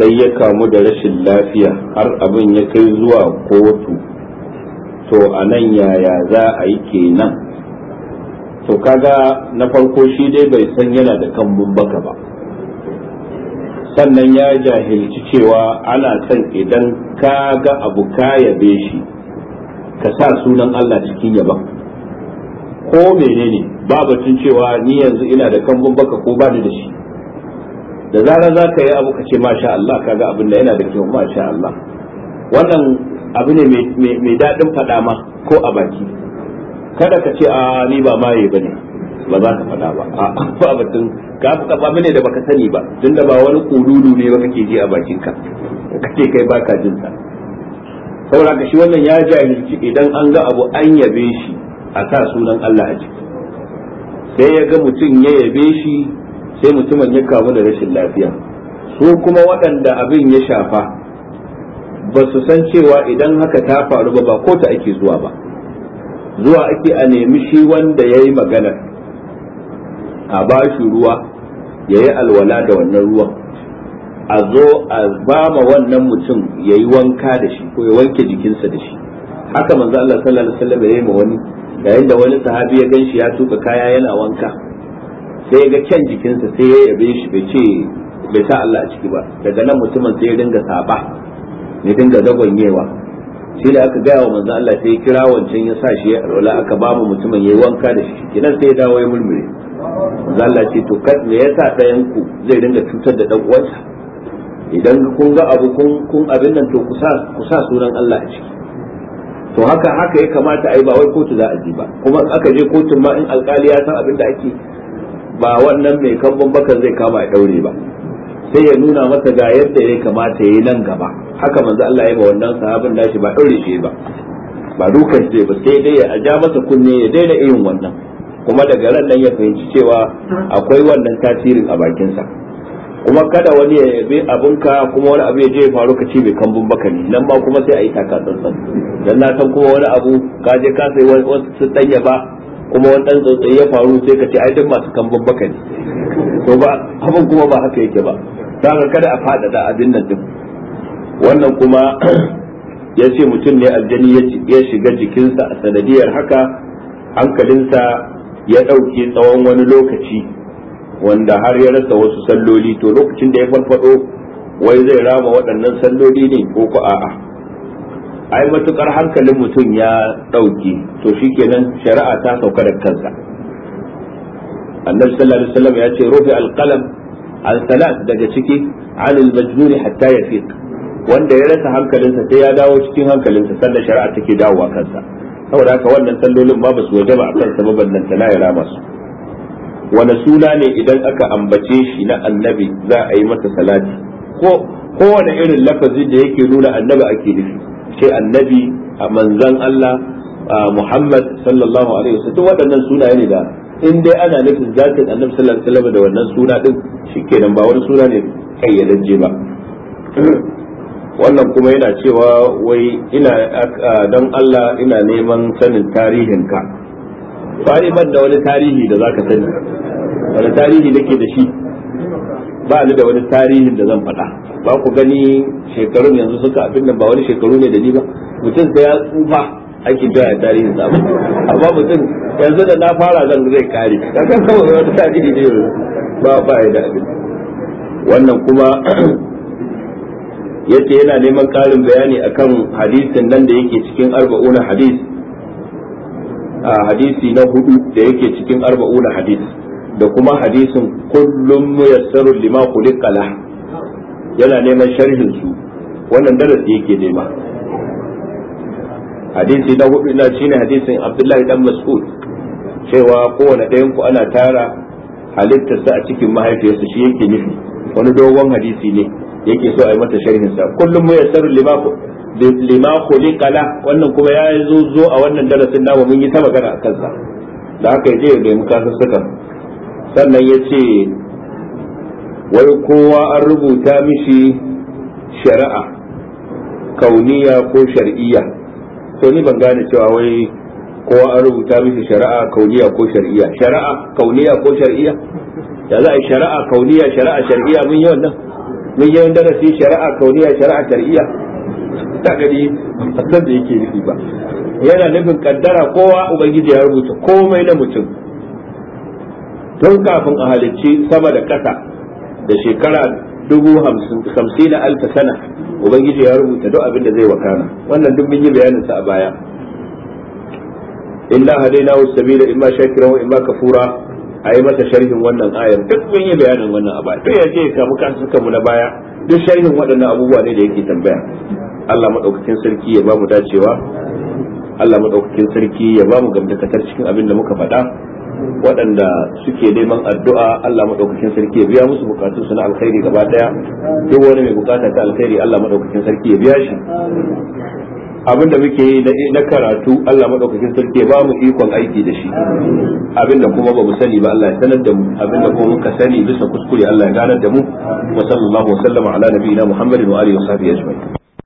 sai ya kamu da rashin lafiya har abin ya kai zuwa kotu to a nan yaya za a yi kenan to kaga na farko shi dai bai san yana da kan baka ba sannan ya jahilci cewa ana san idan ka ga abu ka yabe shi ka sa sunan Allah cikin yaba ko menene ba batun cewa ni yanzu ina da kambun baka ko ba ni da shi da zarar za ka yi abu ka ce masha Allah kaga abin da yana da kyau masha Allah wannan abu ne mai daɗin faɗa ma ko a baki kada ka ce a ni ba maye ba ne ba za ka faɗa ba a ba batun ka fi kafa mene da baka sani ba tun da ba wani kululu ne ba kake ji a bakinka kake kai baka jin sa saboda ka shi wannan ya jahilci idan an ga abu an yabe shi a sa sunan Allah a ciki sai ya ga mutum ya yabe shi sai mutumin ya kamu da rashin lafiya su kuma waɗanda abin ya shafa ba su san cewa idan haka ta faru ba ba ko ta ake zuwa ba zuwa ake a nemi shi wanda ya yi maganar a ba shi ruwa ya yi alwala da wannan ruwan a zo a ba ma wannan mutum ya yi wanka da shi ko ya wanke jikinsa da shi haka manzo Allah sallallahu alaihi wasallam ya yi ma wani yayin da wani sahabi ya ganshi ya tuka kaya yana wanka sai ga kyan jikinsa sai ya yabe shi bai ce bai sa Allah a ciki ba daga nan mutumin sai ya dinga saba ya dinga zagonyewa shi da aka gaya wa manzo Allah sai ya kira wancan ya sa shi ya alwala aka ba mu mutumin yayi wanka da shi kinan sai ya dawo ya murmure manzo Allah ce to kad me yasa ɗayan ku zai dinga cutar da dan uwansa idan kun ga abu kun kun abin nan to kusa kusa sunan Allah a ciki to haka haka ya kamata ai ba wai kotu za a ji ba kuma aka je kotun ma in alkali ya san abin da ake ba wannan mai kambun bakan zai kama ya daure ba sai ya nuna masa ga yadda ya kamata ya yi nan gaba haka manzo Allah ya yi wannan sahabin nashi ba daure shi ba ba dukan shi ba sai dai ya ja masa kunne ya daina irin wannan kuma daga ran nan ya fahimci cewa akwai wannan tasirin a bakinsa kuma kada wani ya yabe abinka kuma wani abu ya je ya faru ka ce bai kambun baka ne nan ba kuma sai a yi taka tsantsan dan na san kuma wani abu ka je ka sai wasu danya ba kuma wani dan tsautsayi ya faru sai ka ce ai duk masu kambun baka ne to ba abin kuma ba haka yake ba kaga kada a faɗaɗa abin nan din wannan kuma ya ce mutum ne aljani ya shiga jikinsa a sanadiyar haka hankalinsa ya ɗauki tsawon wani lokaci wanda har ya rasa wasu salloli to lokacin da ya farfado wai zai rama waɗannan salloli ne ko ko a'a ai matukar hankalin mutum ya ɗauke to shikenan shari'a ta sauka da kansa annabi sallallahu alaihi wasallam ya ce rufe alqalam an salat daga ciki anil majnuni hatta yafiq wanda ya rasa hankalinsa sai ya dawo cikin hankalinsa sannan shari'a take dawowa kansa saboda haka wannan sallolin ba su wajaba a kansa ba ballanta tana ya rama su wani suna ne idan aka ambace shi na annabi za a yi masa salati ko kowane irin lafazi da yake nuna annabi ake nufi ce annabi a manzan Allah Muhammad sallallahu alaihi wasallam waɗannan sunaye ne da in dai ana nufin zatin annabi sallallahu alaihi wasallam da wannan suna din shikenan ba wani suna ne kayyadajje ba wannan kuma yana cewa wai ina dan Allah ina neman sanin tarihinka fari ban da wani tarihi da zaka sani wani tarihi nake da shi ba ni da wani tarihin da zan faɗa ba ku gani shekarun yanzu suka abin nan ba wani shekaru ne da ni ba mutum sai ya tsufa ake biya a tarihin sa amma mutum yanzu da na fara zan zai kare kaga kawai wata tarihi ne ba ba ya da abin wannan kuma yace yana neman karin bayani akan hadisin nan da yake cikin arba'una hadis a hadisi na hudu da yake cikin arba'una hadis da kuma hadisin kullum muyassaru lima khuliqa yana neman sharhin su wannan darasi yake nema hadisi na hudu na shine hadisin abdullahi dan mas'ud cewa kowane ɗayan ku ana tara halittarsa a cikin mahaifiyarsa shi yake nufi wani dogon hadisi ne yake so a yi mata sharhin sa kullum mu yassaru lima khuliqa wannan kuma ya zo zo a wannan darasin namu mun yi ta magana akan sa da haka yaje ya nemi kasussukan sannan yace wai kowa an rubuta mishi shari'a kauniya ko shar'iyya to ni ban gane cewa wai kowa an rubuta mishi shari'a kauniya ko shar'iyya shari'a kauniya ko shar'iyya Da za a yi shari'a kauniya shari'a shar'iyya mun yi wannan mun yi wanda nasi shari'a kauniya shari'a shar'iyya ta gani a san da yake nufi ba yana nufin kaddara kowa ubangiji ya rubuta komai na mutum tun kafin a halicci sama da ƙasa da shekara dubu hamsin na alfa sana ubangiji ya rubuta duk abin da zai wakana wannan duk mun yi bayanin sa a baya inna hadaina sabila imma shakira wa imma kafura a yi masa sharhin wannan ayar duk mun yi bayanin wannan a baya to ya je ka muka suka mu na baya duk sharhin waɗannan abubuwa ne da yake tambaya Allah madaukakin sarki ya ba mu dacewa Allah madaukakin sarki ya ba mu gamdakatar cikin abin da muka faɗa waɗanda suke neman addu'a Allah madaukakin sarki ya biya musu bukatun su na alkhairi gaba daya duk wani mai bukata ta alkhairi Allah madaukakin sarki ya biya shi abin da muke yi na karatu Allah madaukakin sarki ba mu ikon aiki da shi abin da kuma ba mu sani ba Allah ya sanar da mu abin da kuma muka sani bisa kuskure Allah ya ganar da mu wa sallallahu wa sallama ala nabiyina Muhammadin wa alihi wa sahbihi ajma'in